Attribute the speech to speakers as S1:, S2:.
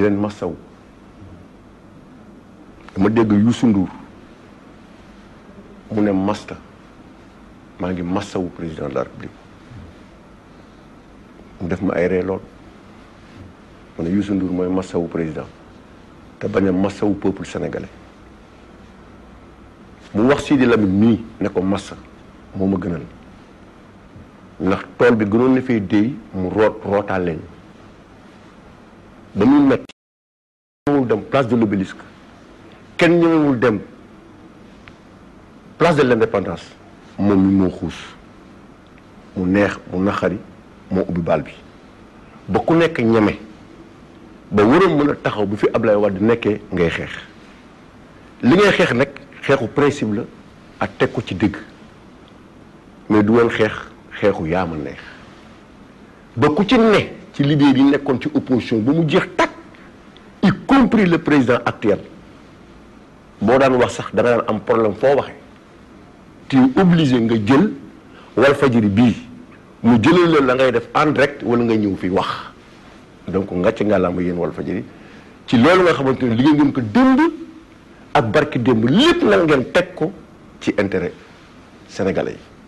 S1: di leen masaw dama dégg Youssou mu ne masta maa ngi masawu président de la république mu def ma ay ree lool mu ne Youssou Ndour mooy masawu président te bañ a masawu peuple sénégalais mu wax Sidi Lamine mii ne ko massa moo ma gënal ndax tool bi gënoon na fay déy mu root rootaal leen dañuy metti ñëwul dem place de l'obélisque kenn ñëwul dem place de l'indépendance moom mi moo xuus mu neex mu naxari moo ubbi baal bi ba ku nekk ñeme ba waroon mën a taxaw bu fi Ablaye di nekkee ngay xeex li ngay xeex nag xeexu principe la ak teg ko ci dëgg mais du woon xeex xeexu yaa ma neex ba ku ci ne ci liggéey bi nekkoon ci opposition ba mu jeex tak y compris le président actuelle boo daan wax sax da daan am problème foo waxee ti es nga jël Walfadjri bii mu jëlal la la ngay def en direct wala nga ñëw fi wax donc ngàcc ngàllaama yéen Walfadjri ci loolu nga xamante ne liggéey ngeen ko dëmb ak barki démb lépp nag ngeen teg ko ci intéret sénégalais yi